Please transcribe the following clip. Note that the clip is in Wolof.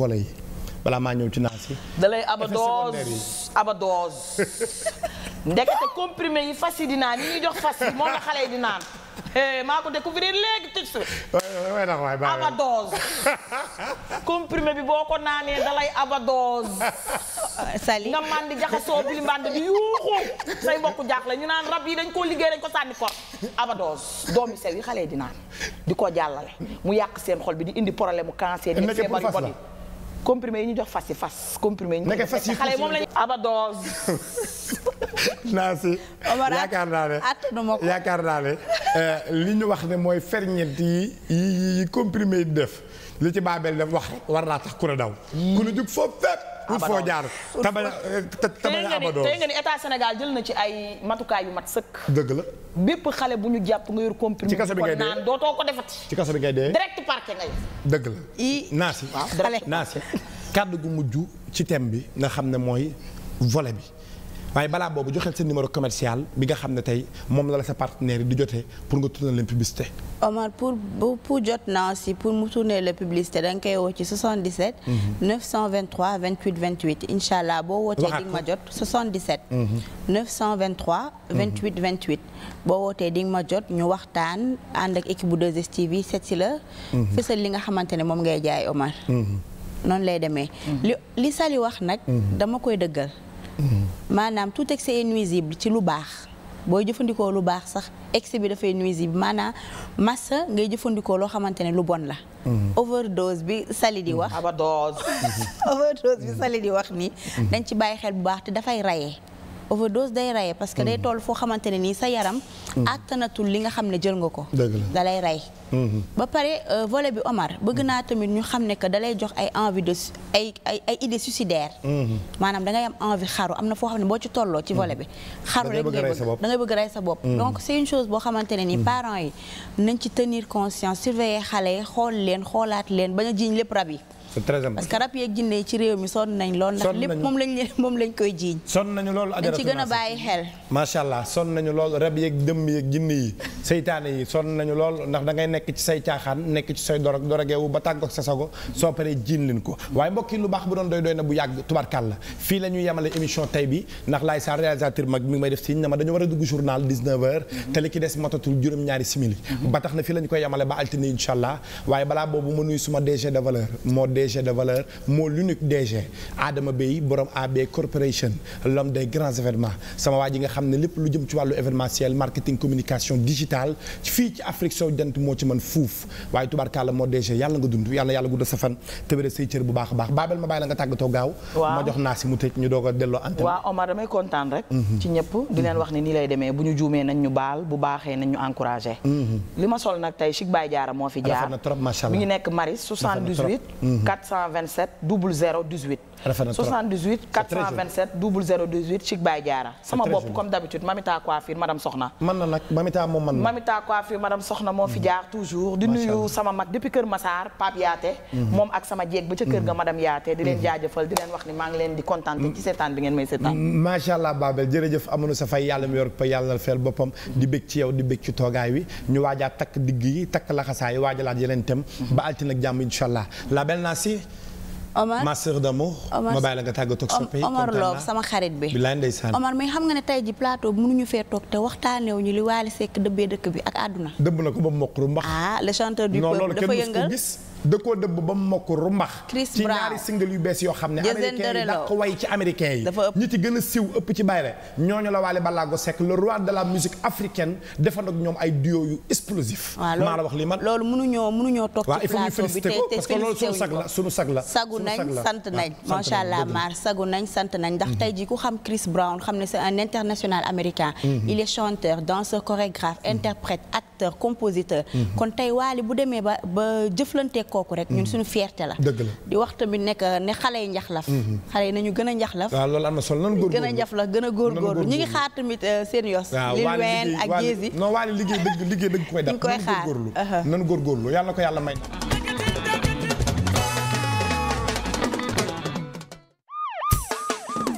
volet yi balaa maa ñëw ci naas si dalay abadose abadose ndekete comprimé yi fas yi di naan yi ñuy jox fas yi moom la xale yi di naan maa ko découvrir léegi tëj sa abadose comprimé bi boo ko naanee dalay abadose sali nga man jaxasoo bili mbànd bi yuuxu say mbokku jaaxle ñu naan rab yi dañ koo liggéey dañ ko sànni kor abadoos doomi sew yi xale yi di naan di ko jàllale mu yàq seen xol bi di indi problème mu cancer di feebar yu bon yi comprimé yi ñu jox fas yi fas comprimé yi ñu jox fas yi xale yi moom lañu abadose naa si yaakaar naa yaakaar naa euh, li ñu wax ne mooy ferñeent yi yi yi comprimé yi def li ci baabel daf wax rek war naa tax ku la daw. Hmm. ku la jug foofu fépp. ut foo jaar tabaya eh, tabaya abadoo tey nga état Sénégal jël na ci ay matukaay yu mat sëkk. dëgg la. bépp xale bu ñu jàpp nga yor comprimé. ci kaso bi ngay dee naan ci kaso bi ngay dee direct parquet ngay. dëgg la naasi. waaw xale naasi. kàddu gu mujj ci thème bi nga xam ne mooy vole bi. waaye balaa boobu joxee sa numéro commercial bi nga xam ne tey moom la la sa partenaire yi di jotee pour nga tourner leen publicité. Omar pour jot naa aussi pour mu tourner la publicité da nga koy woo ci 77. 923 28 28 incha allah boo wootee di nga ma jot 77. 923 28 28 boo wootee di nga ma jot ñu waxtaan ànd ak équipe bu 2STV seet si la. Mhm. fësal li nga xamante ne moom ngay jaay Omar. Mhm. noonu lay demee. Mhm. li li Sali wax nag. dama koy dëggal. maanaam tout excès est nuisible ci lu baax booy jëfandikoo lu baax sax excès bi dafay nuisible maanaam massa ngay jëfandikoo loo xamante ne lu bon la. Mhm. overdose bi sali di mhm. wax. abadose. overdose bi sali di wax nii. dañ mhm. ci bàyyi xel bu baax te dafay rayé. overdose day rey parce que day mm-hmm. toll foo xamante ne nii sa yaram. Mm-hmm. àttanatul li nga xam ne jël nga ko. da lay rey. Mm-hmm. ba pare euh, vole bi Omar bëgg naa tamit ñu xam ne que da lay jox ay envie de ay ay ay idées suicidaires. maanaam da ngay am envie xaru am na foo xam ne boo ci tolloo ci vole bi. xaru rek ngay bëgg da ngay bëgg rey sa bopp. donc c'est une chose boo xamante ne nii parents yi nañ ci tenir conscience surveiller xale yi xool leen xoolaat leen bañ a jiiñ lépp rab yi. c'est très important parce que rab yeeg jinne ci réew mi sonn nañ lool ndax lépp moom lañ moom lañ koy jiiñ sonn nañu loolu dañ ci gën a bàyyi xel macha allah sonn nañu lool rab yeeg dëmm yeeg jinne yi seytaane yi sonn nañu lool ndax da ngay nekk ci say caaxaan nekk ci say dorog dorogeewu ba tàggoog sa sago soo paree jiin leen ko waaye mbokk yi lu baax bu doon doy doy na bu yàgg tubarkàlla fii la ñu yemale émission tay bi ndax laay sa réalisateur mag mi may def signe na ma dañu war a dugg journal 19h te li ki des matatul juróom-ñaari simili ba tax na fii la ñu koy yemale ba altine incha allah waaye balaa boobu ma nuyu DG de valeur moo l'unique DG Adama Bey a AB Corporation l'homme des grands événements sama waa nga xam ne lépp lu jëm ci wàllu événementiel marketing communication digitale fii ci Afrique soo jant moo ci mën fuuf waaye tubaarkàlla moo DG yàlla nga dund yàlla yàlla gudd sa fan te say cër bu baax a baax Babel ma bàyyi la nga tàggatoo gaaw ma jox naa mu tëj ñu doog a delloo antenne waaw Omar damay kontaan rek mhm. ci ñëpp di leen wax ne nii lay demee bu 427 00 18 rafet na trop 78 427 0018 Chic Baye Diarra. sama bopp comme d'habitude Mamita Coiffure madame Soxna. man na nag Mamita moom man na. Mamita Coiffure madame Soxna moo fi mhm. jaar toujours. di nuyu sama mag depuis Kër Massar Pape Yaate. Mhm. moom ak sama jeeg ba ca kër ga mhm. madame Yaate. di leen jaajëfal di leen wax ni maa ngi leen di kontaan ci mm. seetaan bi ngeen may seetaan. Mm, macha allah Babel jërëjëf amoon sa fay yàlla mu pa yàlla feel boppam mm. di bëgg ci yow di bëgg ci toogaay wi ñu waajaat yi takk laxasaay waajalaat yeneen tem ba altine ak jàmm incha Omar ma sœur d'amour ma bàyyi la nga tàggatoo ak soppe Omar Loob sama xarit bi bilaay ndeysaan Omar mais xam nga ne tey ji plateau bi mënuñu fee toog te waxtaaneewu ñu li Waly Seck dëbbee dëkk bi ak àdduna dëbb na ko ba mokk ru mbax ah le chanteur du dafa yëngal da koo dëbb ba mu mokk rumbax ci ñaari single yu bees yoo xam ne américain yi dàq way ci américain yi ñi ci gën a siiw ëpp ci bayre ñooñu la Waly Ballago Seck le roi de la musique africaine defand ak ñoom ay duo yu explosif maa la wax li man loolu mënuñoo mënuñoo toog ci plateau bi te parce que loolu sunu sag la sunu sag la sagu nañ sant nañ macha allah sagu nañ sant nañ ndax mm-hmm. tey ji ku xam Chris Brown xam ne c'est un international américain mm-hmm. il est acteur compositeur. Mhm. kon tey Wally bu demee ba ba jëflante kooku rek. ñun mhm. suñu fierté la. dëgg la di wax tamit nekk ne xale yi njaxlaf. Mhm. xale yi nañu gën a njaxlaf. waaw loolu am na sol nan góorgóorlu gën a njaxlaf gën a góorgóorlu ñu ngi xaar tamit euh, seen yos. li ween ak Jézi non Wally liggéey dëgg liggéey dëgg koy def. ñu koy xaar uh-huh. nan góorgóorlu yàlla ko yàlla may.